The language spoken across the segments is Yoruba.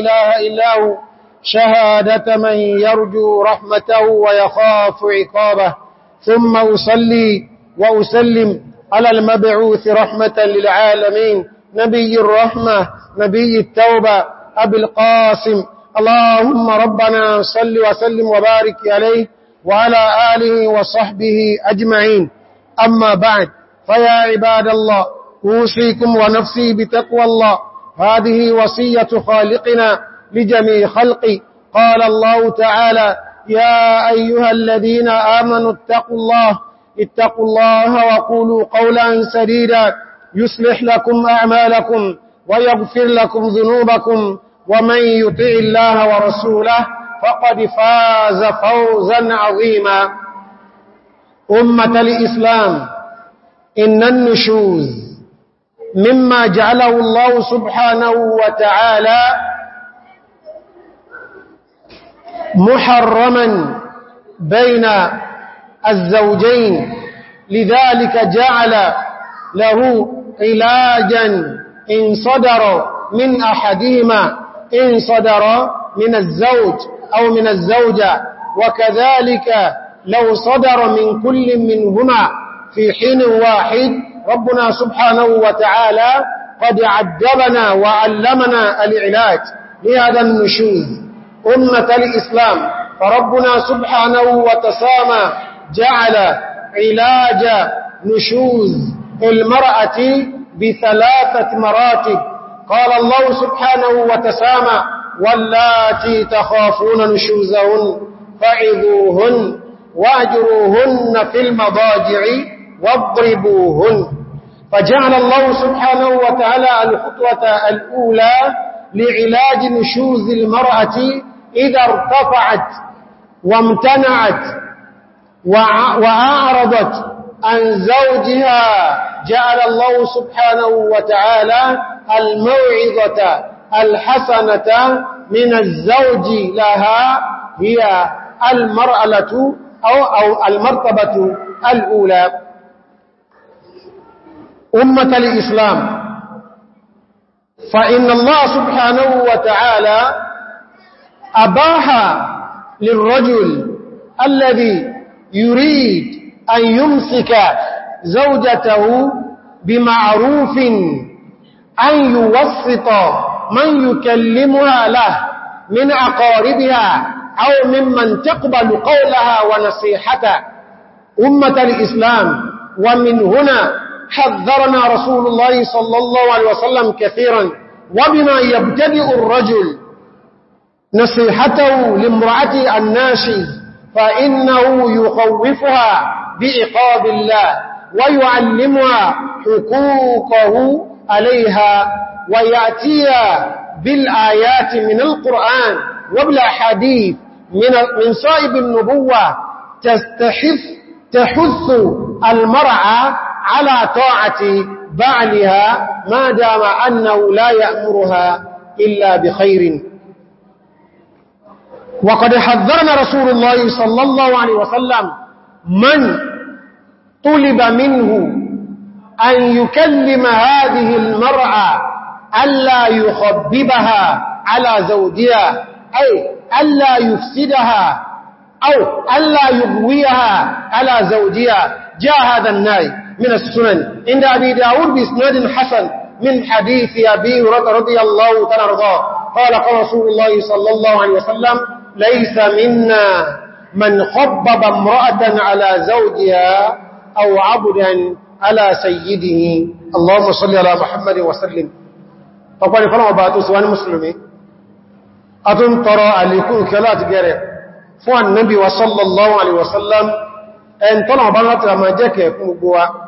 إله إلا هو شهادة من يرجو رحمته ويخاف عقابه ثم أصلي وأسلم على المبعوث رحمة للعالمين نبي الرحمة نبي التوبة أبي القاسم اللهم ربنا صل وسلم وبارك عليه وعلى آله وصحبه أجمعين أما بعد فيا عباد الله أوصيكم ونفسي بتقوى الله هذه وصية خالقنا لجميع خلقه قال الله تعالى يا أيها الذين آمنوا اتقوا الله اتقوا الله وقولوا قولا سديدا يصلح لكم أعمالكم ويغفر لكم ذنوبكم ومن يطع الله ورسوله فقد فاز فوزا عظيما أمة الإسلام إن النشوز مما جعله الله سبحانه وتعالى محرما بين الزوجين لذلك جعل له علاجا إن صدر من أحدهما إن صدر من الزوج أو من الزوجة وكذلك لو صدر من كل منهما في حين واحد ربنا سبحانه وتعالى قد عدبنا وعلمنا العلاج لهذا النشوذ أمة الإسلام فربنا سبحانه وتسامى جعل علاج نشوز المرأة بثلاثة مراتب قال الله سبحانه وتسامى واللاتي تخافون نشوزهن فعذوهن واجروهن في المضاجع واضربوهن فجعل الله سبحانه وتعالى الخطوة الأولى لعلاج نشوز المرأة إذا ارتفعت وامتنعت وأعرضت عن زوجها جعل الله سبحانه وتعالى الموعظة الحسنة من الزوج لها هي المرأة أو, أو المرتبة الأولى أمة الإسلام فإن الله سبحانه وتعالى أباح للرجل الذي يريد أن يمسك زوجته بمعروف أن يوسط من يكلمها له من أقاربها أو ممن تقبل قولها ونصيحته أمة الإسلام ومن هنا حذرنا رسول الله صلى الله عليه وسلم كثيرا وبما يبتدئ الرجل نصيحته لامرأته الناشز فإنه يخوفها بإقاب الله ويعلمها حقوقه عليها ويأتي بالآيات من القرآن وبالأحاديث من من صائب النبوة تستحف تحث المرأة على طاعة بعلها ما دام أنه لا يأمرها إلا بخير وقد حذرنا رسول الله صلى الله عليه وسلم من طلب منه أن يكلم هذه المرأة ألا يخببها على زوجها أي ألا يفسدها أو ألا يغويها على زوجها جاء هذا النائب من السنن عند أبي داود بإسناد حسن من حديث أبي رضي الله تنرضاه قال قال رسول الله صلى الله عليه وسلم ليس منا من خبب امرأة على زوجها أو عبدا على سيده اللهم صل على محمد وسلم فقال فلما باتوا سواء مسلمين أتن ترى عليكم كلات قرأ فوان النبي صلى الله عليه وسلم أن طلع بلات ما جاك يكون بواء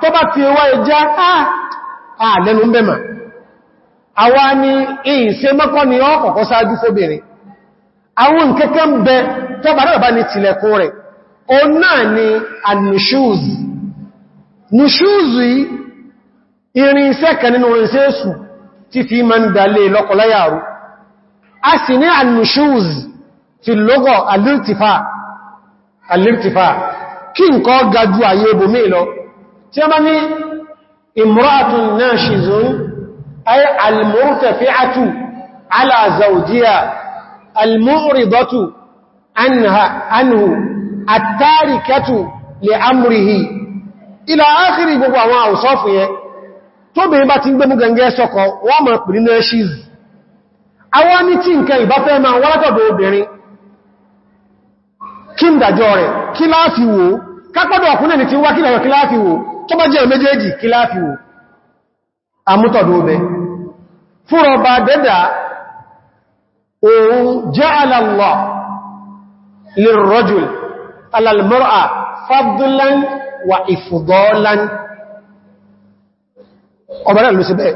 tó bá ti wá ẹjá ààlẹ́nu ah, ń bẹ̀mà àwa ni ìṣe mọ́kọ́ ni ọ kọ̀kọ́ sáájú fóbìnrin àwọn nkẹ́kẹ́ ń bẹ tó bá rẹ̀ bá ní tilẹ̀kùn rẹ̀ o náà ni ànìṣúùzì nìṣúùzì irin iṣẹ́ kan nínú irinṣẹ́ èṣù tí fi ma ń dalé lọ́kọ̀láyàrú a sì ní ànìṣúùzì ti lọ́gọ̀ kí nǹkan ga ju àyè ibòmí lọ tí a máa ní imra'atun nashizun ay al-murtafi'atu ala zawjiha al-mu'ridatu anha anhu at-tarikatu li amrihi ila akhiri gbogbo àwọn àwùsọ́fù yẹn tó bèèrè bá ti ń gbẹ́mú gẹngẹ́ sọ́kọ̀ wọ́n mọ̀ kí ń dàjọ́ ọkùnrin ti wá kí lọ́rọ̀ kí láàfi tó bá jẹ́ méjèèjì kí láàfíwò àmútọ̀dọ̀ obẹ fúnrọ bá dẹ́dà òun ja'ala Allah lirrajul ala al-mar'a fadlan wa ifdalan ọbẹ̀rẹ̀ ló sí bẹ́ẹ̀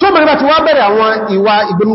tó bẹ̀rẹ̀ bá ti wá bẹ̀rẹ̀ àwọn ìwà ìgbónú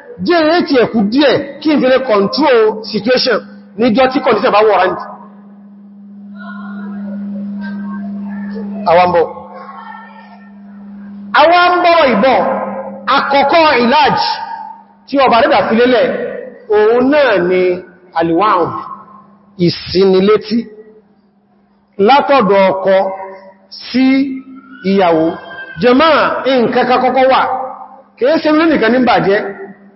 jẹ́ ẹ̀ẹ́tì ẹ̀kù díẹ̀ kí n fi control situation níjọ́ tí condition bá warrant àwambọ̀ àwambọ̀ ìbọ̀ àkọ́kọ́ ìlàjì tí ọba rẹ̀dà fi lélẹ̀ òun náà ni àlìwáhùn ìsinilétí látọ̀dọ̀ ọkọ sí ìyàwó jẹ́máà nǹkan kakọ́kọ́ wà kìí ṣe mílẹ̀ nìkan ní bàjẹ́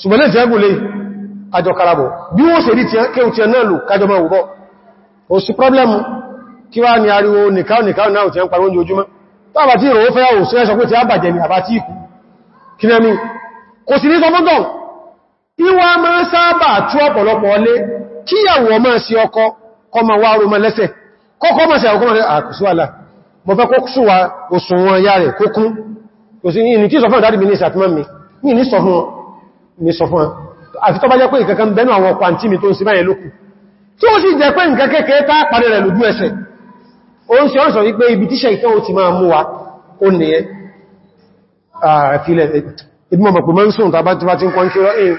ṣùgbọ́n lè jẹ́gùn lè àjọ karabọ̀ bí wọ́n ṣe rí kéhùn tí ẹ náà lò kájọ máa wùbọ́ o sí pọ́blẹ́mù kí wá ní ariwo nìkáwò nìkáwò náà tí ẹ ń parí oúnjẹ ojúmọ́ tàbà tí ìrọ̀wọ́ fẹ́ ò sí ẹ́ṣọ́ pé tí a bàjẹ́ ní àbá tí ikú kí nẹ́mí kò sí ní sọmọ́dọ̀n ìwà máa sábà tú ọ̀pọ̀lọpọ̀ ya rẹ̀ kókún sọ fún ìdádìbì ní ìsàtúmọ́ mi ní ní sọ fún wọn Ni sọ fún àti tó bá jẹ́ pé ìkankan bẹnu àwọn ọkọ̀ àti mi tó ń sí báyẹ̀ lókù tí ó sì jẹ́ pé nǹkan kéèkéé tá parí rẹ̀ lójú ẹsẹ̀ ó ń se ọ́sọ̀ wípé ibi tíṣẹ́ ìtẹ́ ó ti máa mú wa ó nìyẹn àfilẹ̀ ìdímọ̀mọ̀ pè mọ́ ń sùn tàbá tí ń kọ́n kíró èyí eh,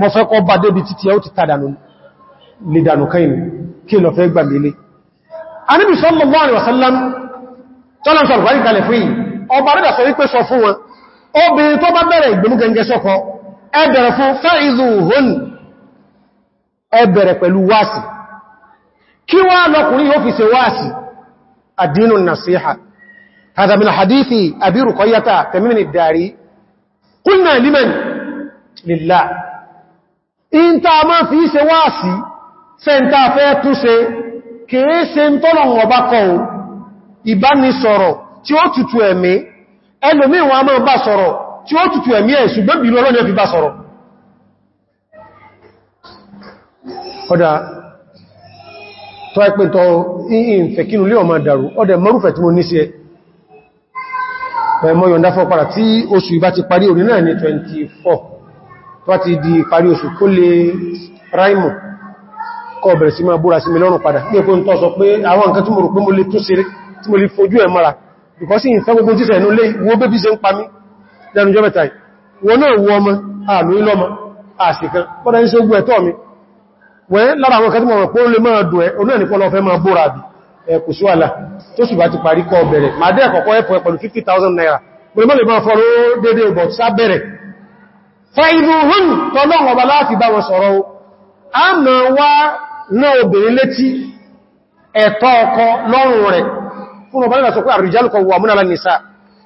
mọ́ fẹ́ kọ́ bá débi títí ẹ ó ti tàdànù lè dànù káyìn kí lọ fẹ́ gbà mílé Ànábì sallallahu alaihi obìnrin tó bá bẹ̀rẹ̀ ìgbẹ̀mú gẹngẹ sọ́kọ́ ẹbẹ̀rẹ̀ fún fáìzù hún ẹbẹ̀rẹ̀ pẹ̀lú wáàsì kí wá lọkùnrin yóò fi ṣe wáàsì àdínú nasiha هذا من حديث أبي رقية تميم الداري قلنا لمن in ta ma fi ṣe wáàsí sẹ́ntà fẹ́ túnṣe kìí ṣe ń tọ́lọ̀ ọba ìbánisọ̀rọ̀ tí ó ẹ̀mí ẹlòmí wọn a máa bá tí ó tutù ẹ̀mí ẹ̀ ṣùgbọ́n bí lọ́rọ̀ ní ẹ̀fì bá sọ̀rọ̀ ọ̀dá tọ́ ẹ̀pẹ́ tọ́ ìfẹ́ kínú lé ọmọ dàrú ọdẹ mọ́rúfẹ́ tí mo ní sí ẹ ẹ̀mọ́ yọ̀ndá di parí oṣù kó lè ráìmù kọ́ bẹ̀rẹ̀ sí máa búra sí mi lọ́rùn padà ní ẹ̀kọ́ tó sọ pé àwọn nǹkan tí mo rò pé mo lè tún sí tí mo lè fojú ẹ̀ mara because ìfẹ́ gbogbo jíṣẹ̀ inú lé wo bébí se ń pa mí lẹ́nujọ́ mẹ́ta wọn náà wọ ọmọ àmì ìlọ́mọ àṣìkan pọ́dá ní sí ogun ẹ̀tọ́ mi wọ́n lára àwọn kẹtí mọ̀ pọ́ lè máa dùn ẹ̀ oní ẹ̀nìkọ́ lọ fẹ́ máa bóra bí ẹ̀kù sí wàlá tó sì bá ti parí kọ bẹ̀rẹ̀ máa dẹ́ naira mo lè máa fọ́ dédé ìbọ̀ sá bẹ̀rẹ̀ fa ìlú hún tọ́lọ́wọ́ bá láti bá wọn sọ̀rọ̀ a ma wá náà obìnrin létí ẹ̀tọ́ ọkọ lọ́rùn sọ pé àrìjálùkọ wà múnà lánìí sáà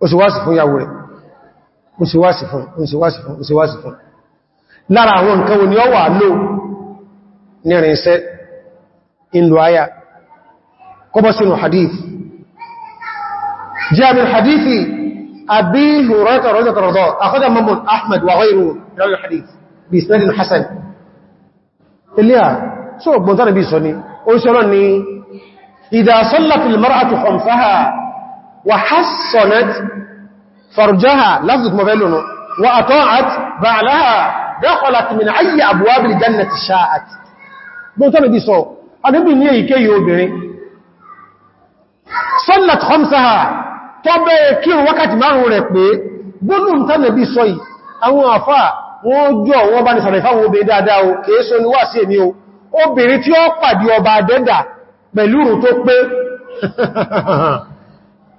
ó sì wáṣì fún yàwó rẹ̀ ó sì wáṣì fún ó sì wáṣì fún ó sì wáṣì fún lára àwọn nǹkan wo ni ó wà lò ní ẹ̀rìnṣẹ́ ìlú ayá kọbọ́ sínú hadith jami hadithi abi hurata rọ́jọ́ tọrọdọ́ akọ́dá mamun ahmad wa ghayru hadith bí ismail Wa وحصنت فرجها لفظة مفعلون وأطاعت بعلها دخلت من أي أبواب الجنة شاءت بوتنا دي سو أدبي نيه يكي يوبري صلت خمسها tọ́bẹ̀ kírùn wákàtí márùn rẹ̀ pé gbónùn tánà bí sọ́yì àwọn àfá wọ́n jọ wọ́n bá ní sàrẹ̀ obìnrin dáadáa o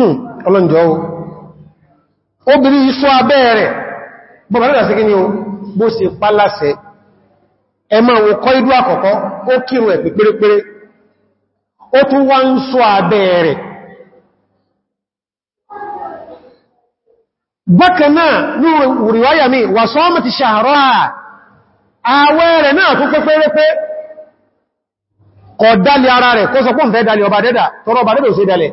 Hmm, ọlọ́njọ́ o obìnrin iṣu abẹ́ rẹ̀ bọ̀bọ̀lọ́dà sí kí ni o bó ṣe pálásẹ̀ ẹ máa wo kọ́ idú àkọ́kọ́ ó kírun ẹ̀pì pérépéré ó tún wá ń sọ abẹ́ rẹ̀ bákanáà ní ìwáyà mi wà sọ́mọ̀ ti ṣàárọ́ àwẹ́ rẹ̀ náà tún pépérépé kọ̀ dálẹ̀ ara rẹ̀ kó sọ fẹ́ ọba dẹ́dà tọrọ ọba dẹ́dà ò sí dálẹ̀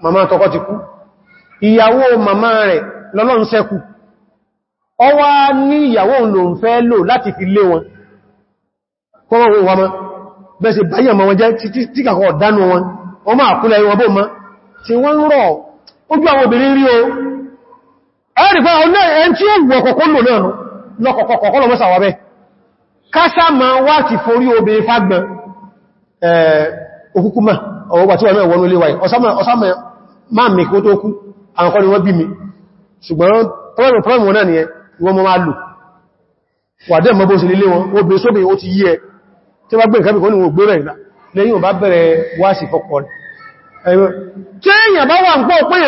mama tọkọ ti kú ìyàwó mama rẹ̀ lọ́lọ́n sẹ́kù ọ wá ní ìyàwó ló ń fẹ́ lò láti fi lé wọn kọ́wọ́wọ́ wọn bẹ́sẹ̀ báyẹ̀ ma wọn jẹ́ tí kàkọ́ dánú wọn wọ́n máa kúlẹ̀ wọn bó ma wọ́n rọ̀ ojú àwọn obìnrin rí o ẹn tí ó wà ma ti Ma mẹ́kí ó tó kú àwọn ni wọ́n bí mi ṣùgbọ́n pọ́lẹ̀mù pọ́lẹ̀mù wọn náà ni ẹ wọ́n mọ́ máa lò wàdẹ́ mọ́ bó ṣe lélé wọn ó bè sóbè ó ti yí ẹ tí wọ́n gbé nǹkan bí kọ́ ní wọ́n gbé rẹ̀ lẹ́yìn ò bá bẹ̀rẹ̀ wáṣì fọ́kọ́ kéèyàn bá wà ń pọ́ ni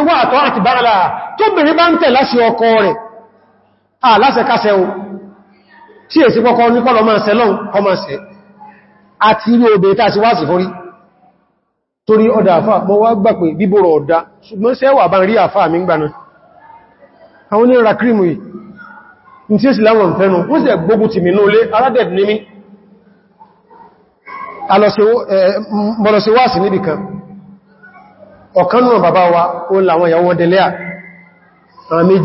wà àtọ́ àti bára tó rẹ̀ aláṣẹkáṣẹ ah, o tí èsì pọ́kọ́ oníkọ́lọ máa ṣẹ lọ́n ọmọ ṣẹ àti ilé obìnrin tàà sí wáṣì fórí torí ọdá àfà mọ́ wá gbà pé bíbòrò ọ̀dá ṣùgbọ́n ṣẹ́ wà bá ń rí àfà mi gbaná àwọn ní ra kírìmù yìí tí ó sì láwọn fẹ́nu wọ́n sì gbógun ti mi lólé aládẹ̀ ní mi mọ́lọ̀sí wáṣì níbìkan ọ̀kan náà bàbá wa ó làwọn ìyàwó ọdẹlẹ́à àwọn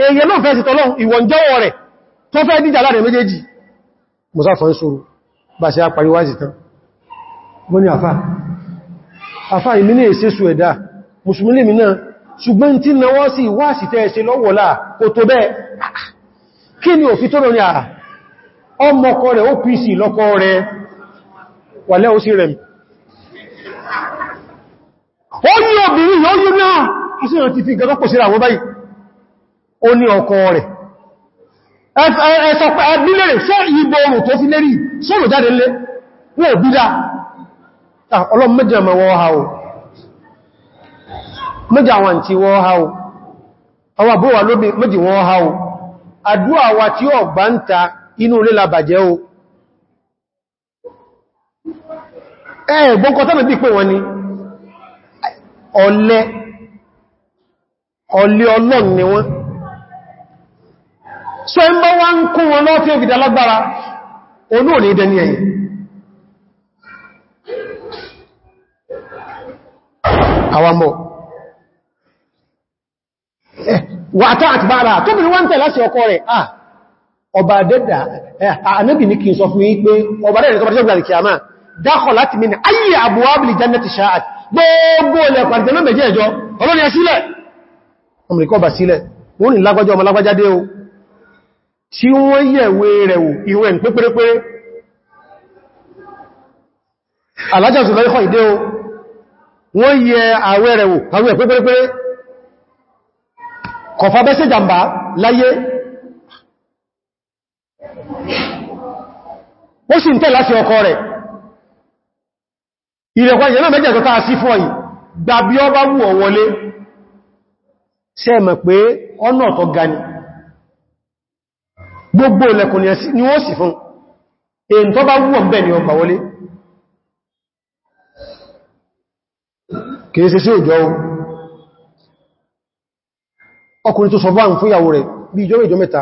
èèyàn náà fẹ́ sí tọ́lọ́ ìwọ̀njọ́wọ̀ rẹ̀ tó fẹ́ díjà láàrin méjèèjì musáfà ń sọ́rọ̀ bá sí àpàríwájì tán wọ́n ni àfá àfá ìmì ní èsè sù ẹ̀dá musulmi na wọ́n sí wá sí tẹ́ẹ̀ṣẹ́ lọ́wọ́lá kò tó bẹ́ẹ̀ kí ni òfin tó lọ ní àà ọmọkọ rẹ̀ ó pìí sí lọ́kọ rẹ̀ wà ní obìnrin yóò yóò náà ìṣẹ́ ìrántí fi gẹ́gọ́ pọ̀ síra àwọn báyìí ó ní ọkọ rẹ̀ ẹ̀sọ̀pẹ̀ ẹgbílẹ̀rẹ̀ ṣe ìgbò oòrùn tó fi lérí sóòrò jáde lé wọ́n ò bídá ọlọ́run méjì ha o tí ha o wa tí ó gbá ń o bí pé wọ́n ni ọlọ́run ni so ẹ bá wá ń kún wọn lọ́tí òfìdá lágbára onú òní ìdẹni ẹ̀yìn àwọmọ̀ wà Wata àti bára tó bí wọ́n tẹ̀ láti ọkọ rẹ̀ ah ọba dẹ́dà ànábì ní kí n sọ fún yí pé ọba dẹ́dà tó bá jẹ́ gbàrí dákọ̀ láti mìí ayé àbúwábìlì jannati gbogbo ẹjọ́ tí wọ́n yẹ̀wé rẹ̀ wò ìwẹ̀ ń pépérépéré alájá ṣùgbọ́n ikọ̀ ìdé o wọ́n yẹ àwẹ̀ rẹ̀ wò àwọn ẹ̀ pépérépéré kọfà bẹ́sẹ̀ jàmbá láyé ó sì ń tẹ́ láti ọkọ rẹ̀ ìrẹ̀kọ́ gbogbo ilẹ̀kùn ni ó sì fún èyí tó bá wùwọ̀n bẹ́ẹ̀ ni ó bà wọlé kìí ṣe sí òjò ohun ọkùnrin tó sọ bá ń fún ìyàwó rẹ̀ bí ìjọ́ ìjọ́ mẹ́ta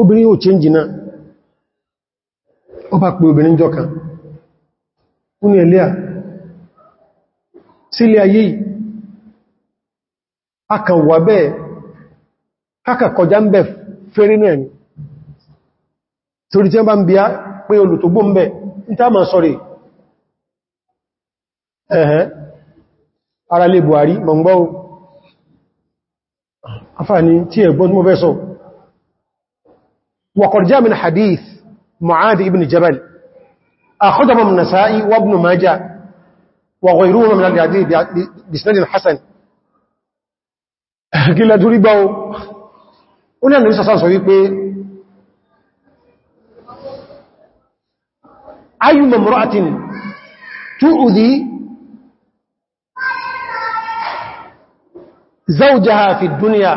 obìnrin ò change náà ọ bá pè obìnrin jọ kan fún ẹ̀lẹ́à sílé ayé akànwà bẹ́ẹ̀ kákà kọjá ń bẹ̀ fẹ́rẹ́ náà ni torí tí bá ń bí pé olùtògbó ń bẹ̀ ní tàbí sọ́rẹ̀ ẹ̀hẹ́ ara lè Buhari mọ̀gbọ́ afáàní tí ẹ̀gbọ́n mọ́ fẹ́ sọ wọ̀kọ̀rjá min hadith Mu'adh ibn Jabal ó ní àmì ìsàsán sọ wípé ayyuma mura'atin tu'udhi zawjaha fi dúníà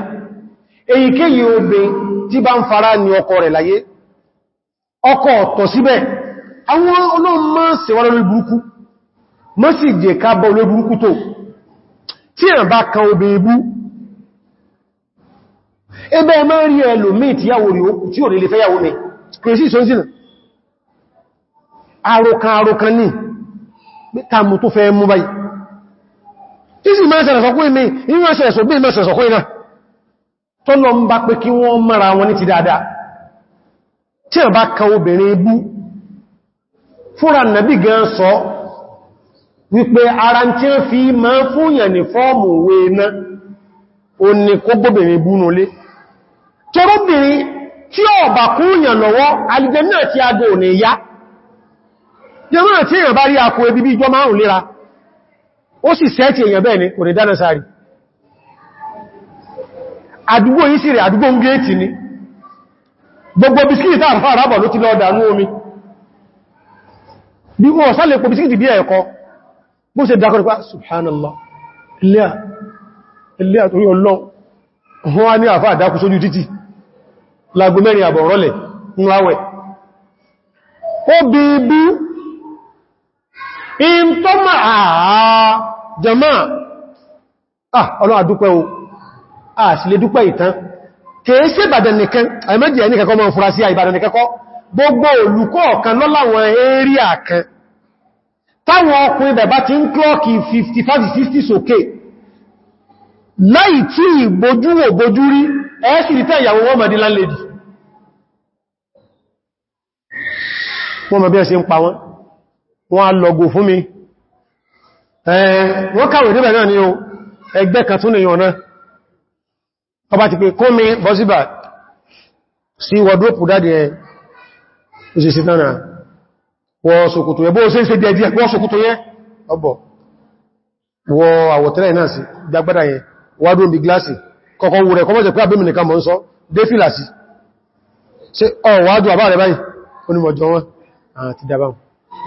èyíkéyìí obè tí bá ń fara ní ọkọ rẹ̀ láyé ọkọ ọ̀tọ̀ síbẹ̀ àwọn olóòm máa ń ṣèwà lórí burúkú mọ́ sì jẹ́ bọ́ olórí burúkú tó tí ẹ̀ bá kan obè ibú ebe ẹ máa rí ẹlòmí ìtìyàwó rí ó tí ò nílé fẹ́yàwó mi kìrìsì ìsọ́nsìnà àròkàn àròkàn ní tààmù tó fẹ́ mú báyìí tí sì máa sẹ̀rẹ̀ sọ́kún mara wọn ní ti dáadáa tí a bá ka obìnrin ibú fúnra nàbí gan sọ wípé ara tí ó fi máa fúnyàn ní fọ́ọ̀mù wé náà ó ní kó gbóbìnrin ibú nulé torobìnrin tí ó bà kúnyàn lọ́wọ́ alìjẹ náà tí agbó ò ní yá jẹmọ́ tí èyàn bá rí àkó ebi bí ìjọ lera ó sì sẹ́ẹ̀tì èyàn bẹ́ẹ̀ ni kò ní dáná sáré àdúgbò yìí sì rẹ̀ àdúgbò ń gẹ́ẹ̀tì ni gbogbo bisikíti ti omi Eko. àfà lagomẹ́rin àbọ̀ rọ́lẹ̀ nínú àwẹ̀ ó bí ibú in tó máa jẹmọ́ ah ọlọ́ àdúpẹ́ o a sì lè dúpẹ́ ìtàn kèé sí Ìbàdàn nìkan àìmẹ́jì ẹni kẹ́kọ́ mọ́ fúra sí Ìbàdàn nìkẹ́kọ́ gbogbo olùkọ́ ọ̀kan láì tí ìbojúwò bojú rí ẹ́sì ìtẹ́ ìyàwó wọ́n mọ̀dí lálẹ́dì wọ́n mọ̀ bí ẹ̀sẹ̀ ń pa wọ́n wọ́n á lọ́gò fún mi wọ́n kàwé níbẹ̀ náà ni o ẹgbẹ́ kan tún nìyàn náà ọba ti pé kó mi bọ́síbà sí wọ́dúrópù dáadì ẹ òṣèṣẹ́ tánà wọ́ ṣòkòtò yẹ bó ṣe ń ṣe díẹ̀ díẹ̀ àwọ̀tẹ́lẹ̀ náà sí gbágbádà yẹn wádùn bí gláàsì kọ̀kọ́ wù rẹ̀ kọmọ́jẹ̀ pé àbẹ́mì nìkan mọ́ ń sọ dé fìlàsì ṣe ọ̀wádùn àbá rẹ̀ báyìí onímọ̀jọ wọn àti dábáun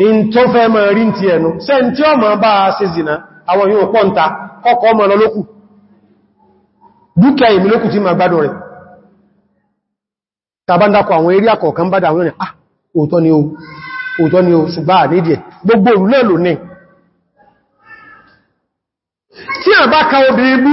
in tó fẹ́ mọ̀ rí ti ẹnu ṣe tí ó mọ̀ bá ṣe ah òótọ́ ni o òótọ́ ni o ṣùgbà àníjẹ̀ gbogbo òrùlẹ́ obìnrin bú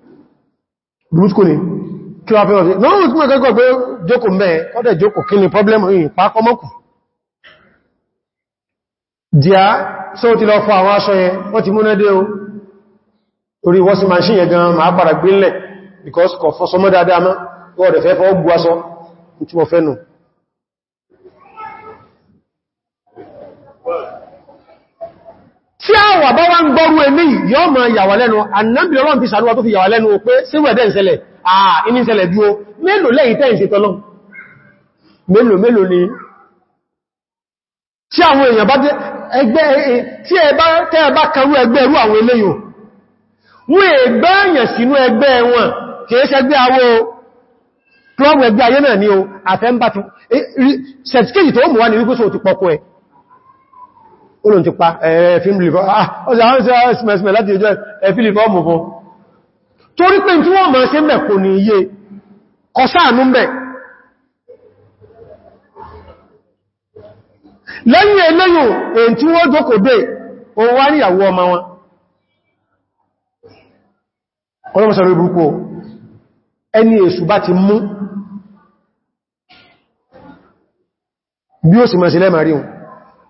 burúkú ni kí wá fẹ́ wọ́n sí lọ́wọ́n tí mọ́ kẹ́kọ́ pé jókò mẹ́ kọ́dẹ̀ jókò kí ni pọ́blẹ́mù yìí pàákọ́ mọ́kù díá só ti lọ fọ àwọn aṣọ yẹn wọ́n ti múnádé o torí wọ́n sí máa ṣíyẹ gan máa padà gbínlẹ̀ because kọ̀ fọ́ sọmọ́ dáadáa mọ́ wọ́n rẹ̀ fẹ́ fọ́ gbú aṣọ tí wọ́n fẹ́ tí a wà bá wá ń gbọ́rú ẹmí yọ́ mọ̀ yàwà lẹ́nu annabi ọlọ́n ti sàánúwà tó fi yàwà lẹ́nu pé síwẹ̀dẹ̀ ìṣẹ̀lẹ̀ àà iní ìṣẹ̀lẹ̀ dúó mélòó lẹ́yìn tẹ́ ìṣẹ́ tọ́lọ́n mélòó mélòó ni tí àwọn èèyàn bá ẹgbẹ́ tí ẹ bá tẹ́ bá karú ẹgbẹ́ rú àwọn eléyìn ayé náà ni o àfẹ́ ń bá tún ṣẹ̀tíkéjì tó mú wá ní wípé so pọ̀kọ̀ ẹ̀ olóhun ti pa ẹ̀fíìm lìfọ́ ọ̀sẹ̀ ah, àwọn ìṣẹ́ ẹ̀sìmẹ̀ láti ìjọ ẹ̀fí lìfọ́ ọmọ fún torí pé tí wọ́n máa ṣe mẹ́ kò ní iye kọsáànú mẹ́ lẹ́yìn eléyìn èyí tí wọ́n jókòó dé òun wá níyàwó ọmọ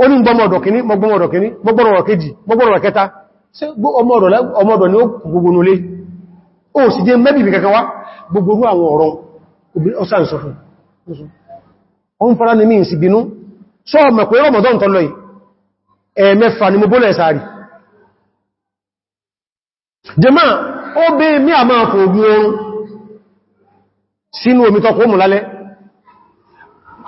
ó ní gbọmọ̀dọ̀ kìíní mọ́gbọmọ̀dọ̀ kìíní mọ́gbọmọ̀dọ̀ kejì mọ́gbọmọ̀dọ̀ kẹta ṣe ọmọdọ̀ ni ó gbogbo nulé ó sì jẹ mẹ́bì bí kankan wá gbogbo rú àwọn ọ̀rọ̀ ọ̀sánsọ fún ọun fara ní mìí sí sọ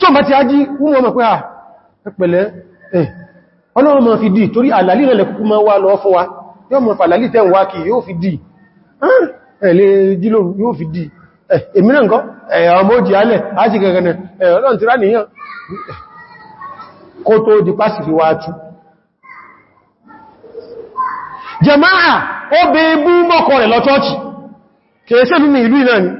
tó bá ti ají wọ́n mọ̀ pé à ah, pẹ̀lẹ́ ẹ̀ eh, ọlọ́run mọ̀ fi dì torí àlàlì rẹ̀ lẹ́kùnkú mọ́ wá lọ fún wa yóò mọ̀ fàlàlì tẹ́ wá yóò fi dì ah, ẹ̀lẹ́ jílòrù yóò fi dì ẹ̀mìnà eh, nǹkan eh, ọmọ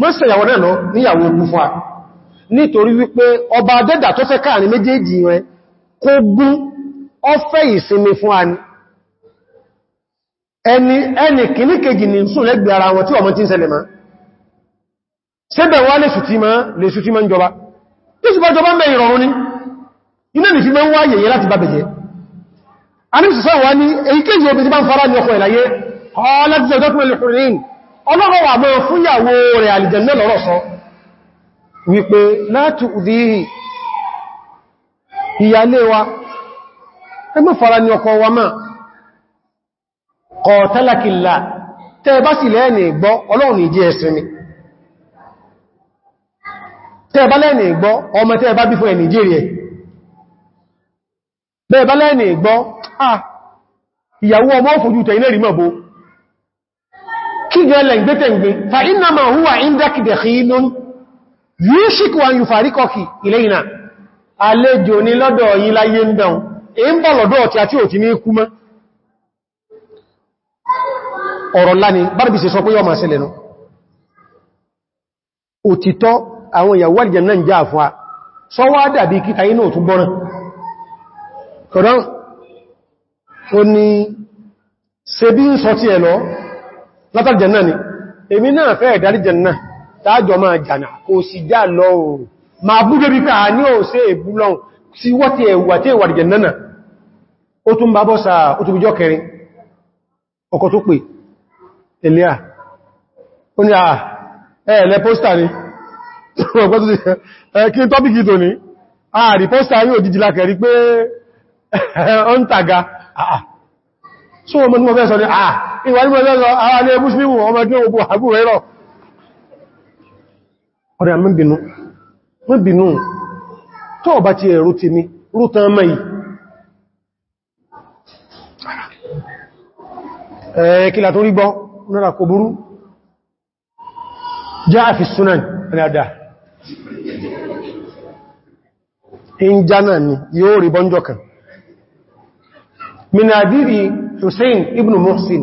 mọ́sẹ̀ ìyàwó náà lọ níyàwó ogun fún a nítorí wípé ọba adẹ́dà tó fẹ́ káàrin méjèèjì rẹ kó gún ọfẹ́ ìsinmi fún a ní ẹni ẹni kìíní kejì ní sùn lẹ́gbẹ̀ẹ́ ara wọn tí ọmọ tí ń ṣẹlẹ̀ máa sẹ́bẹ̀ wá lè sùtí máa lè sùtí máa ń jọba tí sì bá jọba mẹ́ ìrọ̀rún ní iná nìfí mẹ́ ń wá yẹ̀yẹ láti bá bẹ̀jẹ̀ a ní sùsọ́ wá ní èyíkéjì obìnrin bá ń fara ní ọkọ̀ ìlàyé ọlọ́rọ̀ wà mọ́ fúnyàwó rẹ̀ àlìjẹ̀nà lọ́rọ̀ sọ wípé látù dìí ìyàlé wa ẹmọ́ fara ní ọkọ̀ wa máa kọ̀ọ̀tálàkìlá tẹ́ bá sì lẹ́ẹ̀nì ọlọ́run ìjẹ́ ẹ̀sìn ni tẹ́ bá lẹ́ẹ̀nì gbọ́ ọmọ tẹ́ bá bí fún bẹ́ẹ̀ bá lẹ́ẹ̀nì ah, ìyàwó ọmọ kíjẹ lẹ́gbẹ́tẹ̀gbẹ́ fa iná ma húwà indakide khilun yíṣíkù an yufarikọki ilé ìná àlejò ní lọ́dọ̀ yí láyé ń dáun èyí ń bọ̀ lọ́dọ̀ ọ̀tí àti òtí ní kú mọ́ ọ̀rọ̀ láni bárbí se sọ pé yọ ma ṣẹlẹ̀ nù òtítọ́ àwọn ti ẹ̀ lọ látàrí jẹ̀nà ni èmi náà fẹ́ ìdarí jẹ̀nà tààjọ máa jànà kò sì já lọ oòrùn ma bú débi ká ní ò sí èbú lọ sí wọ́n ti ẹ̀wà tí ìwà jẹ̀nà náà ó tún bá bọ́sà ó tún bíjọ́ kẹrin ọkọ̀ tó pè ẹ̀lẹ́à ó ní àà ẹ̀ẹ̀lẹ́ póstà ni kí tọ́bíkì tó ní ìwàlúwẹ̀ lọ́lọ́ àwọn alẹ́ mùsùlùmù ọmọ ẹgbẹ́ ogun tó rí gbọ́ nára kò burú já in ni yóò rí bọ́njọ minadiri Hussein ibn Muhsin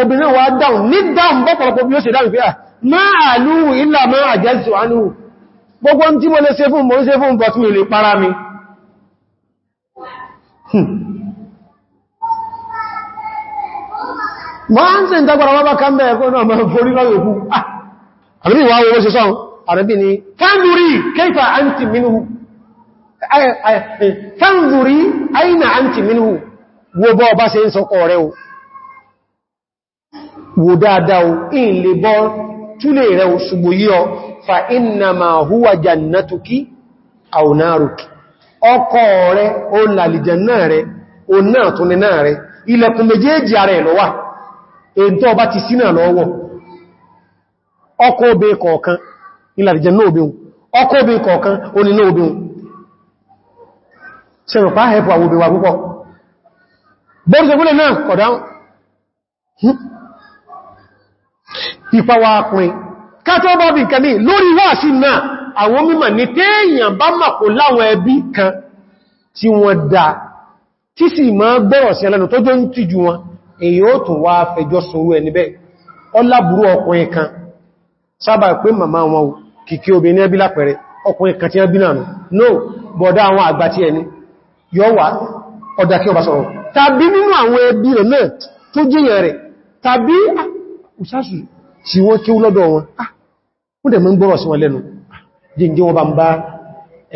obìnrin wa dáhùn ní dáhùn bọ́pọ̀lọpọ̀ bí ó ṣe fi fíà máa lúwù ilá máa àjẹ́sù ánúhù gbogbo tí mo lè ṣe fún mọ́ ṣe fún mi ma para mi hmm. máa ń se ìtagbàra wọ́n bá ká mẹ́ ẹ̀kọ́ náà mẹ́rin ah, kaifa wò dáadáa o in lè bọ́ túlé rẹ̀ ṣùgbò yí ọ fa inna ma huwa jannatuki náà rùkì ọkọ rẹ̀ o lálìjẹ̀ rẹ̀ o náà tún ní náà rẹ̀ ilẹ̀kùn méjèèjì ara ẹ̀ lọ́wà èntọ́ ti sínà lọ́wọ́ ìfàwà pin kátọ́ bá bí nǹkan ní lórí wá sí náà àwọn mímọ̀ ní téèyàn bá màkò láwọn ẹbí kan tí wọ́n dá tí sì máa gbọ́rọ̀ sí ẹlẹ́nu tó jọ ń tìjú wọn èyí ó tún wá fẹjọ́ sọ̀rọ̀ ẹni bẹ́ẹ̀ ọlábùrú ọkùnrin ọkùnrin kan no bọ̀dá àwọn àgbà tí ẹni yọ wà ọdá kí ọba sọ̀rọ̀ tàbí nínú àwọn ẹbí rẹ̀ tàbí ah, tí wọ́n kí ó lọ́dọ̀ wọn ah, mú dẹ̀ mọ́ ń gbọ́rọ̀ sí wọn lẹ́nu ah, jíǹjí wọn bá ń bá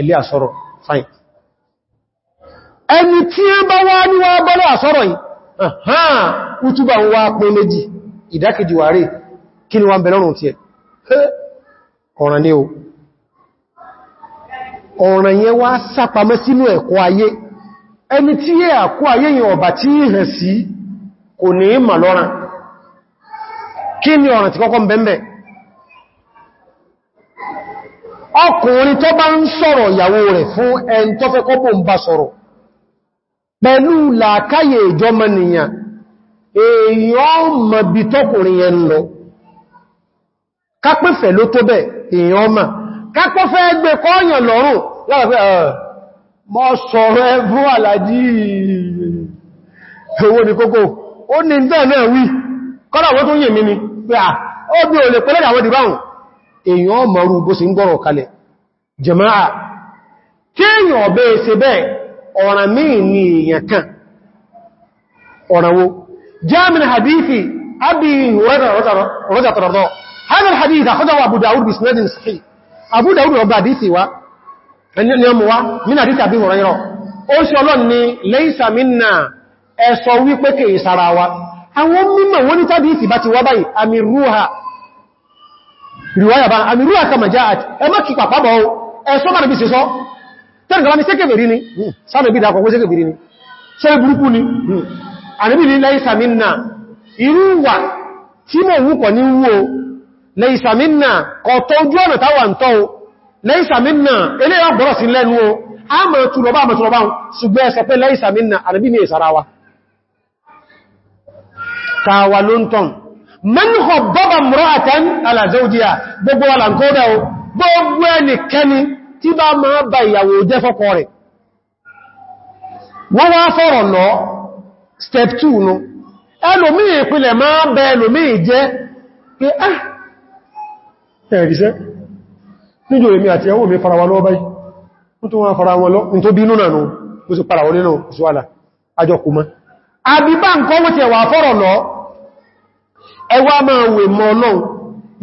ẹlé àsọ́rọ̀ fine ẹni tí ẹ bá wá ní wá bọ́lọ̀ àsọ́rọ̀ yìí útúbà ń wá méjì kí ni kí ni ọ̀rọ̀ tí kọ́kọ́ bẹ̀m̀bẹ̀ ọkùnrin tó bá ń sọ̀rọ̀ ìyàwó rẹ̀ fún ẹn tó fẹ́ ń bá sọ̀rọ̀ pẹ̀lú làkáyè ìjọmọ̀nìyàn èèyàn mọ bí tọ́kùnrin yẹn lọ ló tó bẹ̀ èèyàn kápẹ́fẹ́ ẹgbẹ́ lọ́rùn mọ́ sọ̀rọ̀ pé à ah, ọdún olè pẹ́lẹ̀ àwọn ìdìbáhùn èèyàn mọ̀rú bó sì ń gbọ́rọ̀ kalẹ̀ jẹmáà tí èèyàn ọ̀bẹ́ ṣe bẹ́ẹ̀ ọ̀ràn míì ní èèyàn kan ọ̀ràn wo hadithi abi rọ́jà tọ̀rọ̀dọ̀ هذا الحديث أخذه أبو داود بسند صحيح أبو داود ربا حديثي و ẹni ọmọ wa mínà títà bí wọ̀n rẹ̀ rọ̀ wípé kèèsàra wa àwọn mímọ̀ wọ́n ní tàbí ìsìbá ti wá báyìí àmìrúhà ríwáyàbá àmìrúhà kama já àti ẹmọ́ kí pàpàbọ̀ ẹ̀sọ́ mara bí se sọ tẹ́rìnkà ní sékèbèrè ni sáàbẹ̀bí dákọ̀ wọ́n sékèbèrè ni ṣe ni àníbì ní lẹ́ìsàmínà irú wà tí mọ̀ wúkọ̀ ní wó lẹ́ìsàmínà ọ̀tọ̀ ojú ọ̀nà táwà ń tọ́ lẹ́ìsàmínà eléyàn kàwà ló ń tàn mẹ́nìkọ̀ bọ́bà mọ́rọ̀ àtẹ́n alàzọ́jíà gbogbo alàkóòdà o gbogbo ẹnikẹ́ni tí bá máa bá ìyàwó jẹ́ fọ́kọ rẹ̀ wọ́n wá fọ́rọ̀ lọ step two nù ẹlòmí ìpìlẹ̀ máa bẹ ẹlòmí jẹ́ pé ah ẹ̀rìṣẹ́ níjò èmi àti ẹwọ́ mi fara wa lọ báyìí wọ́n tó wọ́n fara wọn lọ ní tó bínú nànú ó nǹkan wọ́n ti ẹ̀wà fọ́rọ̀ lọ ẹwà máa wè mọ́ ọlọ́run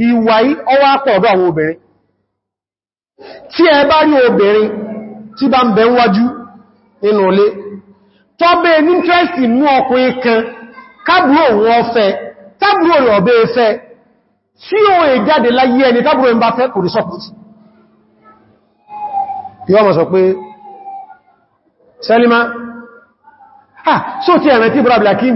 ìwàyí ọwá pọ̀ọ̀dọ̀ àwọn obìnrin tí ẹ bá rí obìnrin tí bá ń bẹ wájú nínú ilé tó bẹ́ níntẹ́sì mú ọkùnrin kan kábúrò òun ọfẹ́ tábúrò rẹ̀ ọ̀bẹ́ ẹfẹ́ tí ó è jáde láyé ẹni tábúrò ń bá fẹ́ kò rí sọ́pùtì yọ́ mọ̀ ah só ti ẹ̀rẹ̀ tí Ibrahim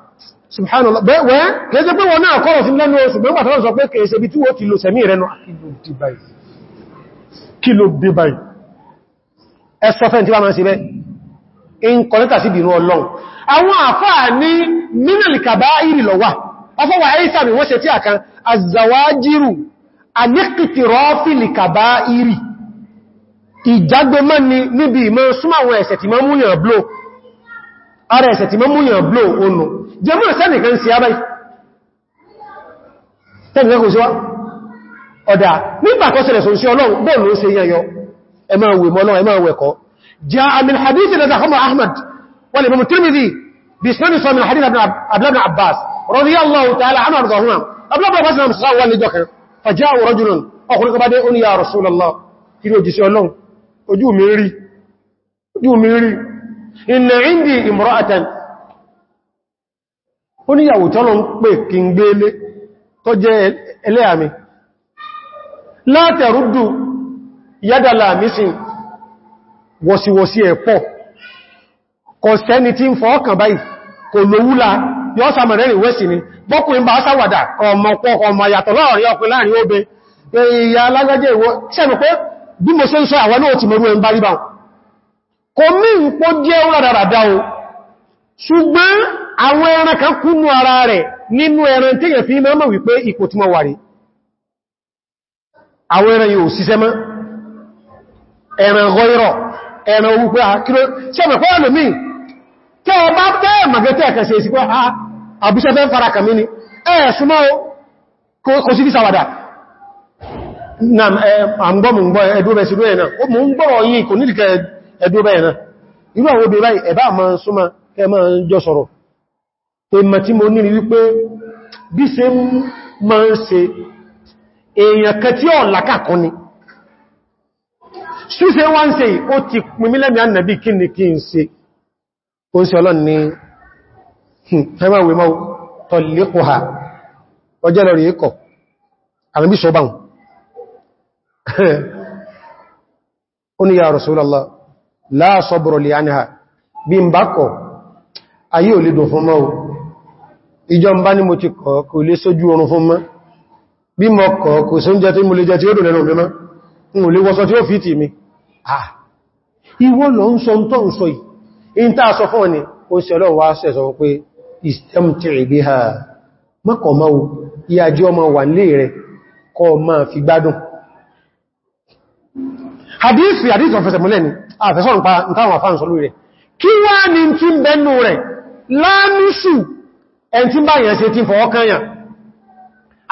subhanallah bẹ́ẹ̀ wẹ́ kẹsẹ pé wọn náà kọ́rọ̀ sí lẹ́nu oṣù mẹ́gbà tọ́rọ̀ sọ pé kẹsẹ bí tí ó ti lò sẹ̀mí rẹ̀ náà kí ló dé báyìí ẹsọfẹ́ tí wá máa sí bẹ́ in kọlẹ́ta sí bìnú ọlọ́run àwọn àfáà ní minal kaba'iri lọ wà afọ́wà ẹ́sà mi wọ́n ni níbi ìmọ̀ súnmọ̀ àwọn ẹ̀ṣẹ̀ tí mọ́ múyàn blow ara ẹ̀sẹ̀ tí mọ́múyàn bló oòrùn jẹmọ́ ìsẹ́nìkan sí abáyí tẹ́bìnà kò sí wá ọ̀dá nígbà kọ́ sẹ̀rẹ̀ sọ sí ọlọ́run bóòlù ó se yẹyọ ẹmọ́ ìwé mọ́lọ́ ẹmọ́ ìwẹ̀kọ́ já amin hadith na zahama ahmad wal imam tirmidhi bi isnad sọ min hadith abdullahi abbas radiyallahu ta'ala anhu arzuhuma abdullahi abbas na musa wal lijo kan fajaa rajulun inna indi imra'atan ó ní ìyàwó tọ́lọ ń pè kí ń gbé ilé tó jẹ́ ẹlẹ́àmì la taruddu yádàlà mísìn wọ̀síwọ̀sí ẹ̀pọ̀ kọ̀ sẹ́ni tí ń báyìí kò lówúlá yọ́ sàmọ̀rẹ́rìn wẹ́sì ni bọ́kùnrin mo kò mí ìpó jẹ́ rádaràdá o ṣùgbọ́n àwọn ẹran kan kúnnú ara rẹ̀ nínú ẹran tí yẹn fi mẹ́mọ̀ wípé ipò tí mọ́ wà rí àwọn ẹran yóò síṣẹ́ mọ́ ẹran gọ́ìrọ̀ ẹran wípé àkíró ṣẹ́mẹ̀ pọ́ ẹ̀ súnmọ́ kò sí ó mú ń gbọ́rọ̀ yìí kò ẹbí ó báyìí náà irú àwọn obìnrin báyìí ẹ̀bá ma ń súnmọ́ ẹ ma ń jọ sọ̀rọ̀ èmà tí mo nírí wípé bí ma ń ṣe èèyàn kẹ tí ọ̀lá ni ṣíṣe wá ń ó ti pínmílẹ́mì n ó ni hmm, ya Rasulullah láàṣọ́bọ̀rọ̀ lè ánìhà bí n bá kọ̀ ayé ò lè dùn fún mọ́ ìjọ ń bá ní mo ti kọ̀ kò lè sójú oorun fún mọ́ bí mọ́ kọ̀ kò sí oúnjẹ tí mo lè jẹ tí ó dùn lẹ́nu mímọ́ n ò lè wọ́sọ tí ó fi tì mi ah ìwọ lọ ń sọ tó ń sọ yìí in tá biha mọ́kọ̀ mọ́ ìyàjí ọmọ wà nílé rẹ̀ kọ́ máa fi gbádùn ni àfẹ́sọ́ nípa ìtàwọn àfáà sọ lórí rẹ̀ kí wá ní tí ń bẹnu rẹ̀ láàmìsù ẹn tí bá yẹn se tí fọwọ́kányà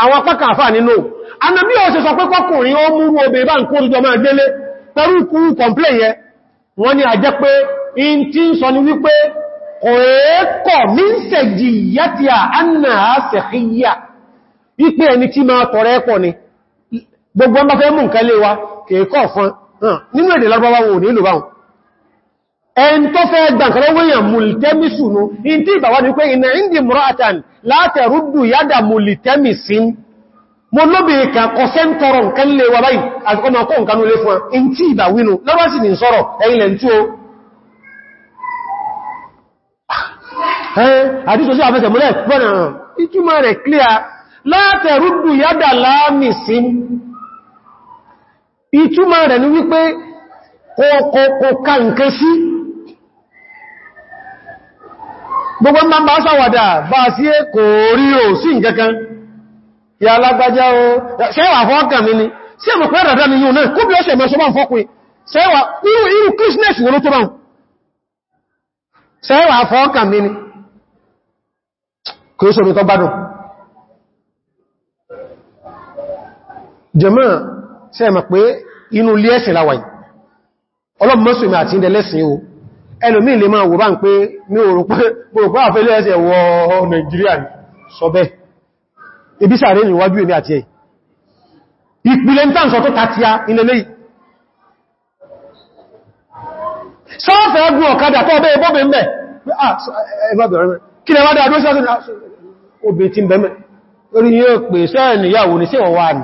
àwọn apákà àfáà nínú anábí ọ̀sẹ̀ sọ pé kọkùnrin ó múrú obè bá ń kó ríjọ máa gbélé kọ̀m̀plẹ̀ yẹ wọ́n ni àjẹ́ pé in tí ń sọ ni wípé ọ̀ẹ́kọ̀ mí ń sẹ̀jì yàtì àánà àṣẹ̀kíyà wípé ẹni tí máa ni gbogbo ọmọ fẹ́ mú wa kèèkọ́ fún nínú èdè lágbàwà wò n'elu báhùn ẹn tó fẹ́ gbàǹkan lọ́wọ́ èèyàn mùlìtẹ́mìsùnú in tí ìbàwà ní pé ìnà ìndì mùràtàn látẹ̀rúdù yádà mùlìtẹ́mìsìn mo lóbìnrin kan kọ sẹ́ntọrọ nǹkan lè wà báyìí àti ọmọ o ìtumọ̀ rẹ̀ ní wípé kò ká nǹkan sí gbogbo ma bá sáwàdà bá sí kò rí o sí nǹkankan ya alágbájá o ṣẹ́wà fọ́ọ̀kàn mi ni sí ẹmọ̀ pẹ́ rẹ̀rẹ̀ nínú náà kó bí sí ẹ̀mọ̀ pé inú ilé ẹ̀sìn láwàí ọlọ́mọ́sù ìmẹ̀ àti ilẹ̀ lẹ́sìn o ẹlòmí lè máa wò bá ń pé ní òrùpá àfẹ́lẹ́ ẹ̀sẹ̀ wọ Nàìjíríà sọ bẹ́ ibi sàárẹ́ níwájú èmì àti ẹ̀ ìpìlẹ̀ ń tàǹsọ tó tàtíyà ilẹ̀lẹ́ sọ́ọ̀fẹ́ ẹgbùn ọ̀kadà tó ah, dáadọ́ sí ọdún ah, obìnrin ti bẹ̀mẹ̀ orí yóò pè sẹ́ẹ̀ níyàwó ní sí ọ̀wà ni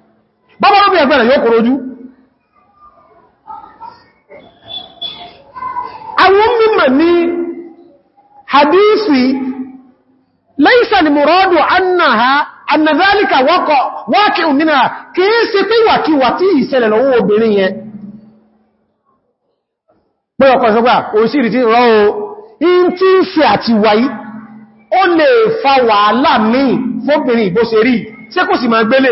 bọ́bọ́ ló bí ẹgbẹ̀rẹ̀ yóò kòrò ojú àwọn mímọ̀ ní hadisi laysa ni muradu annaha annadhalika wọ́kọ̀ wọ́kì òmìnà kìí sí pé wàkíwà tí ìṣẹ̀lẹ̀ na obìnrin yẹn pé ọkọ̀ ìṣọ́gbà òṣìrì tí rọ́ o in tí ń fi àti wáyí ó lè fa wàhálà míì fóbìnrin ìbóṣerí tí kò máa gbélé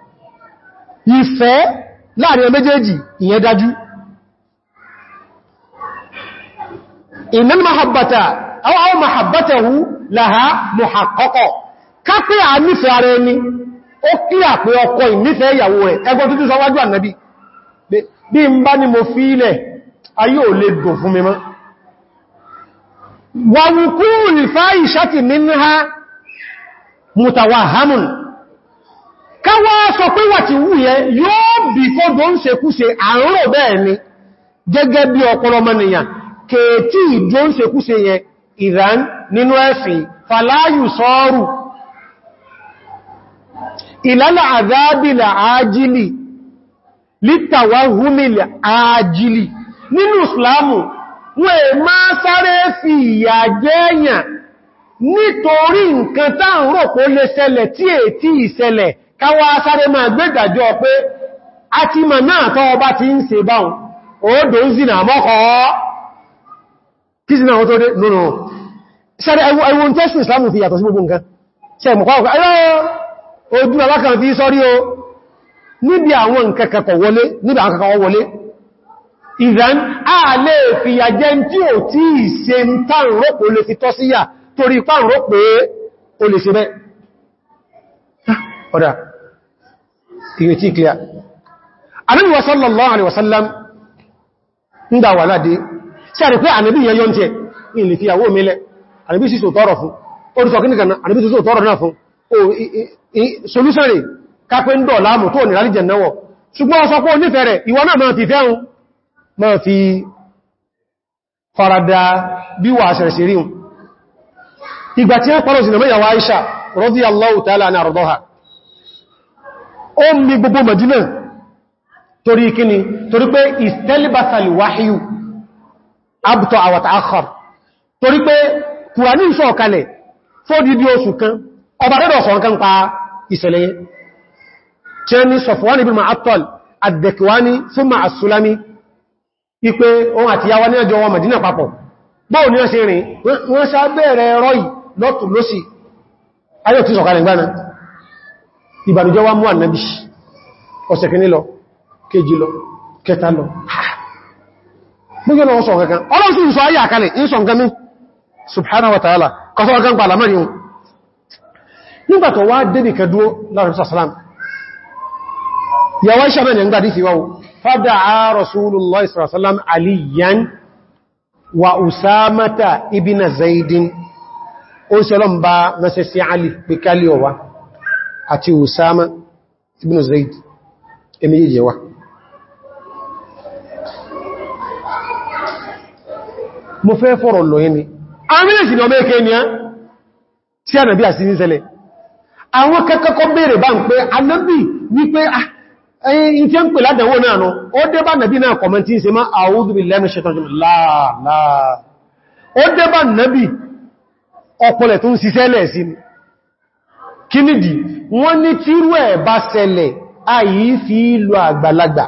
ìfẹ́ láàrin méjèèjì ìyẹn dájú ìnal mahabbata aw aw mahabbatahu laha kápẹ́ à nífẹ́ ara ẹni ó kí àpẹ ọkọ ìnífẹ́ ìyàwó rẹ̀ ẹgbọ́n tó tún sọwájú ànàbí bí n bá ni mo fi ilẹ̀ ayé ò lè dùn fún mi mọ́ wa wuqū'ul ha mutawa hamun. káwà sọ pé wà ti wù yẹ yóò bí fọ́dọ̀ ń se kúse àárọ̀ bẹ́ẹ̀ ni gẹ́gẹ́ bí ọpọlọ mọ́nìyàn kèètì ìdó ń se kúse yẹ ìrán nínú ẹ̀sìn fàláyù sọ́ọ̀rù ìlàlà àdábìlà ájílì lítàwà húmìlì ájílì nínú ìsìlámù wọ́n è máa sáré fi ìyà jẹ́yàn nítorí nǹkan táà ń rò kó lè ṣẹlẹ̀ tí ètí káwà sáré máa gbẹ́gbàjọ́ pé a ti ma náà tọ́ ọba ti ń ṣe báhùn òódò ń zìnà mọ́kọ̀ kí zìnà wọ́n tó dé lónà sáré ẹwọ́n tẹ́sù islamu fi yàtọ̀ sí gbogbo nǹkan ṣe mọ̀kọ́ o níbi àwọn kẹkẹkọ̀ wọlé níbi àwọn kẹkẹkọ̀ wọlé ìdán ààlẹ́ ìfìyàjẹ́ tí ò tí ìse ń tàn rọ́pò lè fi tọ́ síyà torí pàrọ́pò ó ọ̀dá ìyẹ̀ tí clear Ànábì sallallahu alaihi wasallam ń dà wà láde sí àrí pé Ànábì yẹn yọ́n tí ẹ̀ ìlì fi àwọ́ mẹ́lẹ̀ Ànábì sí sòtọ́rọ̀ fún orúsọ kíníkan Ànábì sí sòtọ́rọ̀ náà fún solúsàn rẹ̀ kápẹ́ ń dọ̀ láàmù tó nìrà lìjẹ̀ náwọ̀ ṣùgbọ́n ọsọ pé onífẹ́ rẹ̀ ìwọ náà máa fi fẹ́hun máa fi farada bí wà àṣẹ̀rẹ̀ sí ríun ìgbà tí wọ́n pọ̀lọ̀ sí nàmẹ́yàwó Aisha radiyallahu ta'ala anha ardaha ó ń mi gbogbo Mẹ̀dínà torí kíni torí pé istelibasali wahiyu abto awata akhar torí pé kùránì ń sọ̀kalẹ̀ fódìdí oṣù kan ọba rẹ̀ ọ̀sọ̀ kan pa ìṣẹ̀lẹ̀ yẹn ni Safwan ibn Mu'attal ad-Dakwani thumma as-Sulami ipe ohun àti yáwa ní ọjọ́ wọn Mẹ̀dínà papọ̀ bóò ní ọ̀sẹ̀ rìn ìbànújẹ́ wá mú ànábì ọ̀sẹ̀ kìíní lọ kejì lọ kẹta lọ mújọ́ lọ sọ kankan ọlọ́run sí ìsọ ayé àkalẹ̀ ìsọ nǹkan mi subhanahu wa ta'ala kọsọ́ ọgán pa àlàmọ́ yìí nígbàtọ̀ wá débì kẹdúó láàrin sàsàlám yàwó iṣẹ́ mẹ́rin gbà dìsí wáwó fádà rasulullah sallam aliyan wa usamata àti Usama ibn Zaid emeyeje wa mo fẹ́ fọ́rọ̀ lọ yẹn ni àwọn mílẹ̀sì ni ọmọ èké ni á tí a nàbí àti níṣẹ́lẹ̀ àwọn kẹ́kẹ́kọ́ bèèrè bá ń pé anábì wípé ah, ẹ̀yìn tí ó ń pè ládàwó náà nọ ó dé bá nàbí náà kọ̀mọ̀tí ṣe má kínìdì wọ́n ní tírú ẹ̀ bá ṣẹlẹ̀ àyí fi ìlú àgbàlagbà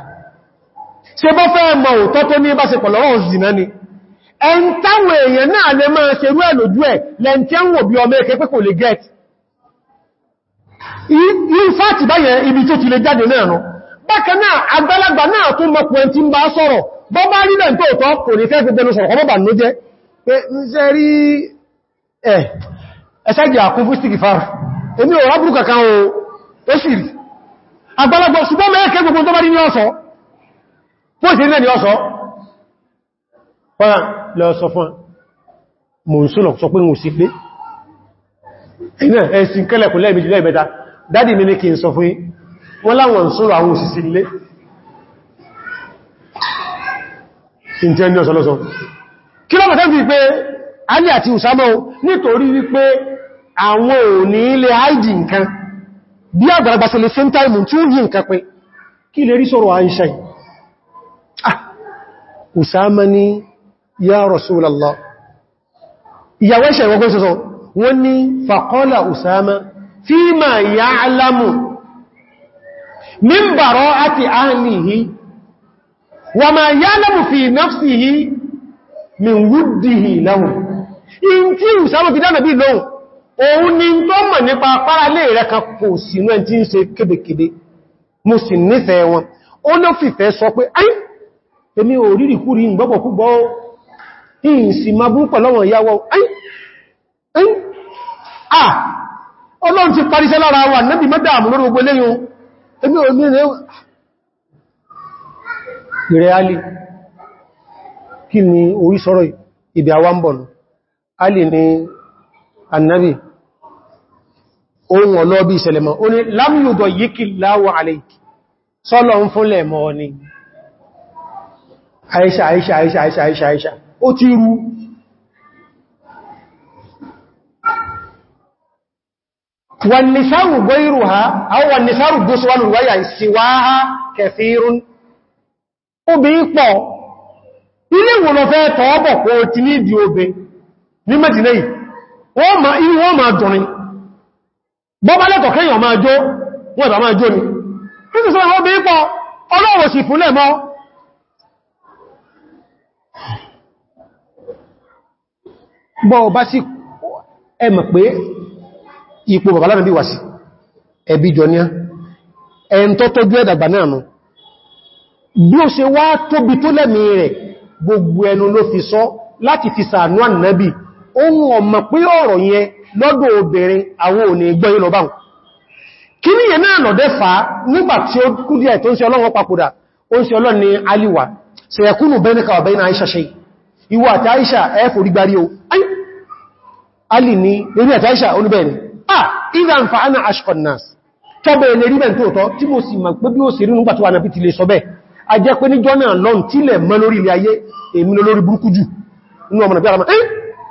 ṣe bọ́ fẹ́ mọ̀ òtọ́ tó ní bá ṣe pọ̀lọ́rọ̀ òsìnà ni ẹn táwọn èèyàn náà lè máa ṣe rú ẹ̀ lójú ẹ̀ lẹ́ntí ẹ̀wò bí ọmọ ẹ̀kẹ́ pẹ́ kò lè gẹ́t ìfàtì báyẹ̀ ibi tó ti lè jáde náà nù bákan náà àgbàlagbà náà tó mọ̀ pẹ̀ tí ń bá sọ̀rọ̀ bọ́ bá rí lẹ́ntọ́ òtọ́ kò ní fẹ́ gbogbo sọ̀rọ̀ kọ́ bàbà ló jẹ́ ẹ̀ẹ́sẹ́jì àkúfústíkì fáàrù èmi ò rábùrù kankan o ó sì rí àgbàlagbà ṣùgbọ́n mẹ́ẹ̀kẹ́ gbogbo tó bá rí ní ọ̀sọ́ bó ṣe ní ọ̀sọ́ pọ́nà lọ sọ fún mò ń sọ́lọ̀ sọ pé mo sì pé iná ẹ̀sìn kẹ́lẹ̀kùn lẹ́ẹ̀mejì lẹ́ẹ̀mẹ́ta dádì mi ní kí n sọ fún wọ́n láwọn sọ́lọ̀ àwọn òṣìṣẹ́ ilé kí lọ́pàá tẹ́ fi pé Ali àti Usama nítorí wípé àwọn òní ilé àìdì nǹkan bí àgbàlagbà sí lè same time tí ó yí nǹkan pé kí lè rí sọ́rọ̀ àìṣà yìí ah, Usama ni ya Rasulallah ìyàwó ìṣẹ̀ ìwọ̀gbọ́n sọ́sọ́ wọ́n ni faqala Usama fima ya'lamu min bara'ati ahlihi wa ma ya'lamu fi nafsihi min wuddihi lahum in tí Usama fi dánà bí lóhun òun ni tó mọ̀ nípa párálé rẹ̀ kan kò sínú ẹn tí ń ṣe kébèkébé mo sì nífẹ̀ẹ́ wọn ó ló fìfẹ́ sọ pé ayí èmi ò rí ìkúrí ìgbọ́gbọ̀kúgbọ́ ìyìn sì ma bú pẹ̀lú àwọn ìyàwó ayí ayí à ọlọ́run ni orí ni annabi ohun ọlọ́bí ìṣẹ̀lẹ̀ mọ́ o ni lámùlùdọ̀ yíkì láwọ àlèkì sọ́lọ ń fúnlẹ̀ mọ́ ni àìṣà àìṣà àìṣà àìṣà àìṣà àìṣà ó ti rú wọn nisáru gbẹ́rù ha àwọn wọn nisáru gbóṣù wọn wáyà ìsìwá wọ́n ma inú wọ́n ma dùn ní bọ́bá lẹ́tọ̀ kẹ́yàn máa jó wọ́n ìbá máa jó ní títí sọ ìwọ́n bí i pọ̀ ọlọ́wọ̀ sì fúnlẹ̀ mọ́ bọ́ ọba sí ẹmọ̀ pé ipò bàbá lánàbí wà sí ẹbí jọníá ẹn tó tọ́jú ẹ̀dàgbà náà nù bí ó ṣe tó lẹ́mìí ohun ọmọ pé ọ̀rọ̀ yẹn lọ́dọ̀ obìnrin àwọn òní gbọ́ yìí lọ́bàá kí ní yẹn náà lọ́dẹ́ fa nígbà tí ó kú díẹ̀ tó ń ṣe ọlọ́run papòdà ó ń ṣe ọlọ́run ní aliwa Se bẹ́ẹ̀nìkà ọ̀bẹ́ẹ̀nà Aisha ṣe ìwọ àti Aisha ẹ Ali ni lórí àti Aisha ah idan fa ana ashkon nas tọ́bẹ̀ ilẹ̀ rí bẹ̀ẹ̀ tóòtọ́ tí mo sì mọ̀ pé bí ó sì rí nígbàtí wà náà bí ti lè burúkú jù inú ọmọ nàbí àmà ẹ́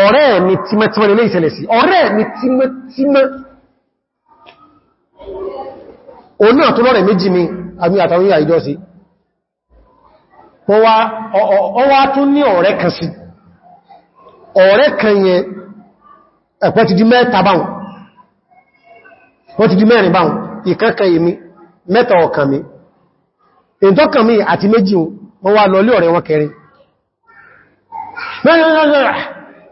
ọ̀rẹ́ mi tímẹ́tímẹ́ lè ìṣẹ̀lẹ̀ sí ọ̀rẹ́ mi tímẹ́tímẹ́ o náà tó lọ́rẹ̀ méjì mi àmì àtàwọn ìyà ìjọ sí ọwá tún ní ọ̀rẹ́ kan sí ọ̀rẹ́ kan yẹn ẹ̀pẹ́ ti di mẹ́ta báhùn wọ́n ti di mẹ́rin báhùn mẹ́ta ọ̀kan mi mi àti méjì wọ́n wá lọ lé ọ̀rẹ́ wọn kẹrin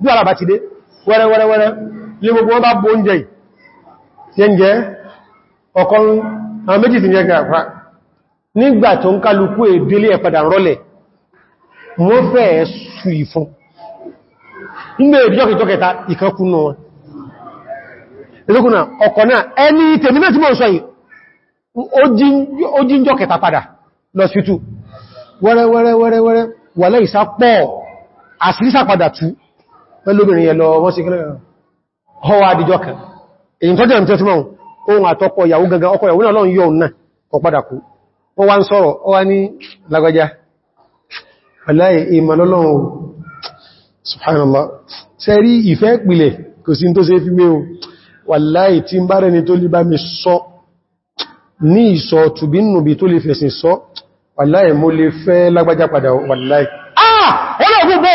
bí alàbà ti dé wẹ́rẹ́wẹ́rẹ́wẹ́rẹ́ lé gbogbo wọn bá bó oúnjẹ tí ń jẹ́ ọkọrún àwọn méjì ti ń jẹ́ nígbà tó ń kálukú èdélé ẹ̀padà rọ́lẹ̀ wọ́n fẹ́ sù ìfún nígbà ìdíjọ́ kẹta ìkankúnnà wọn pẹ́lúbìnrin ẹ̀lọ wọ́n sí kílẹ̀ ọwọ́ àdìjọ́ kan èyí tó jẹ́ ìtẹ́tí máa ohun àtọ́kọ̀ ìyàwó gangan ọkọ ìyàwó náà lọ́n yọ náà kọ padà kú wọ́n wá ń sọ̀rọ̀ ọ wá ní lágbàjá aláì ìmọ̀lọ́lọ́run subhanallah sẹ́rí ìfẹ́ ìpìlẹ̀ kò sí tó ṣe fi mé o wàláì tí ń bá rẹni tó lè bá mi sọ ní ìsọ tùbínúbi tó lè fẹ̀sìn sọ wàláì mo lè fẹ́ lágbàjá padà wàláì ah! ọlọ́gbogbo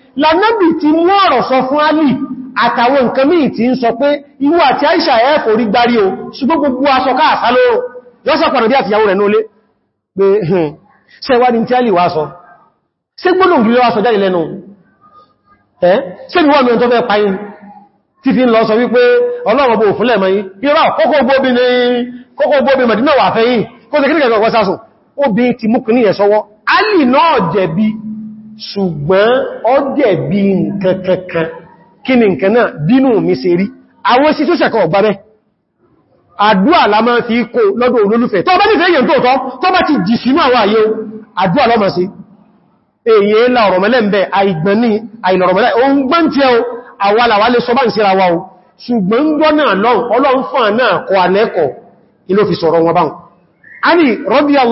lànàbì ti mú ọ̀rọ̀ sọ fún alì àtàwọn nǹkan míì tí ń sọ pé ìwọ àti àìṣà ẹ̀ẹ́fò rí gbárí o ṣùgbọ́n gbogbo aṣọ káàsá lóró yọ́sọ̀ pàdàdé àti ìyàwó rẹ̀ ní olé pé hìn sẹ́wà ní tí alì wá sọ ṣé gbónùn gílé wá sọ jáde lẹ́nu ẹ́ ṣé bí wọ́n mi tó fẹ́ ṣùgbọ́n ó dẹ̀ bí nǹkan kankan kí ni nǹkan náà bínú mi ṣe rí àwọn sí tó ṣẹ̀kọ̀ ọ̀gbárẹ́ àdúà la máa fi kó lọ́dọ̀ olólùfẹ́ tó bá nífẹ́ èyàn tóòtọ́ tó bá ti jì sínú àwọn àyẹ́ àdúà lọ́mà sí èyẹ la ọ̀rọ̀mẹ́lẹ́ ń bẹ àìgbẹ̀ní àìlọ̀rọ̀mẹ́lẹ́ òun gbọ́n tí ó àwàlàwà lè sọ bá ń síra wa o ṣùgbọ́n gbọ́nà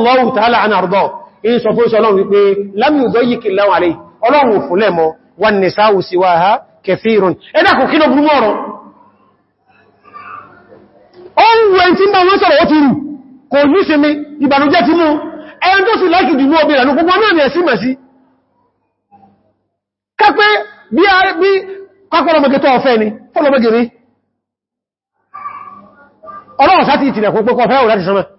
lọ́rùn ta'ala anhu in ọla fún ìṣọ́lọ́run wípé lámì ìgbọ́ yìí kì láwọn àlè ọlọ́run fún siwa wọn ni sáwù sí wá ha kẹfìrún ẹ̀dà kò kílò burú mọ́rọ̀ ọwọ́ ẹn tí bá wọ́n sọ̀rọ̀ ó ti rù kò ní sí mi ìbànújẹ́ ti mú ẹn tó sì láìkì gbogbo náà ni ni ti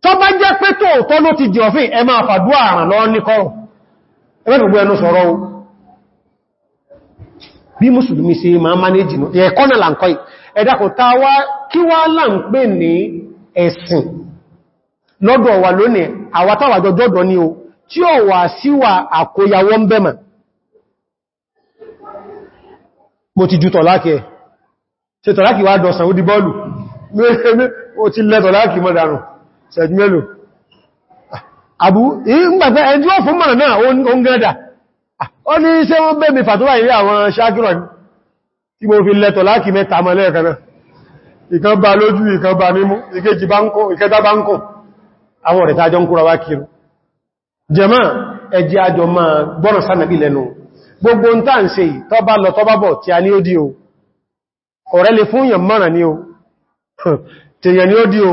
tó bá jẹ́ pé tóòtọ́ ló ti jẹ́ òfin ẹ máa fàdúwà àrùn lọ ní ẹgbẹ́ gbogbo ẹnu sọ̀rọ̀ o bí mùsùlùmí ṣe ma manéjì ní ẹ̀sìn lọ́dọ̀ wà lónìí àwátàwàjọjọ́dọ̀ ni ń mo ti ṣẹ̀dú mélòó àbú ìgbàtẹ́ ẹjú wọ́n fún mọ̀ràn náà ó ń gẹ́dà ó ní iṣẹ́ wọ́n bẹ́ mi fàtúwà ìrí àwọn ṣákìrọ̀ tí mo fi lẹ́tọ̀ láàkì mẹ́ta mọ́lẹ́ kanáà ìkan bá lójú ìkan bá nímú ìkejì bá ń kọ́ ìkẹta bá ń kọ́ àwọn ọ̀rẹ̀ tàjọ ń kúra wá kiri jẹma ẹjẹ àjọ ma gbọ́nà sánàbí lẹ́nu gbogbo ń tàà ń ṣe tó bá lọ tó bá bọ̀ tí o ọ̀rẹ́ lè fún yàn mọ́ràn ní o tèyàn ní ó dí o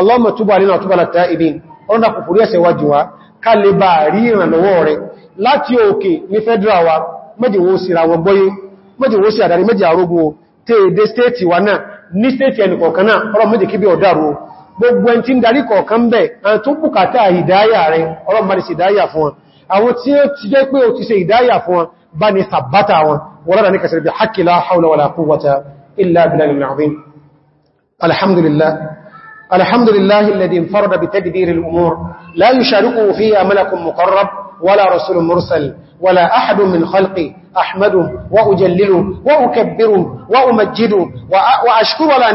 اللهم تب علينا وتب على التائبين ọ̀nà kò fòrí ẹ̀ṣẹ̀ wájú wa ká lè bá rí ìrànlọ́wọ́ rẹ̀ láti òkè ní fẹ́dra wa mẹ́jìwó sí ra wọn gbọ́yé mẹ́jìwó sí àdárí mẹ́jì àrógún o tẹ́ èdè stéètì wa náà ní stéètì ẹnìkọ̀ọ̀kan náà ọ̀rọ̀ mẹ́jì kí bí ọ̀dáró gbogbo ẹn tí ń darí kọ̀ọ̀kan bẹ̀ àwọn tó bùkátà ìdáyà rẹ̀ ọ̀rọ̀ bá ní sí ìdáyà fún wọn àwọn tí ó ti jẹ́ pé ó الحمد لله الذي انفرد بتدبير الأمور لا يشاركه فيها ملك مقرب ولا رسول مرسل ولا أحد من خلقي أحمده وأجلله وأكبره وأمجده وأشكر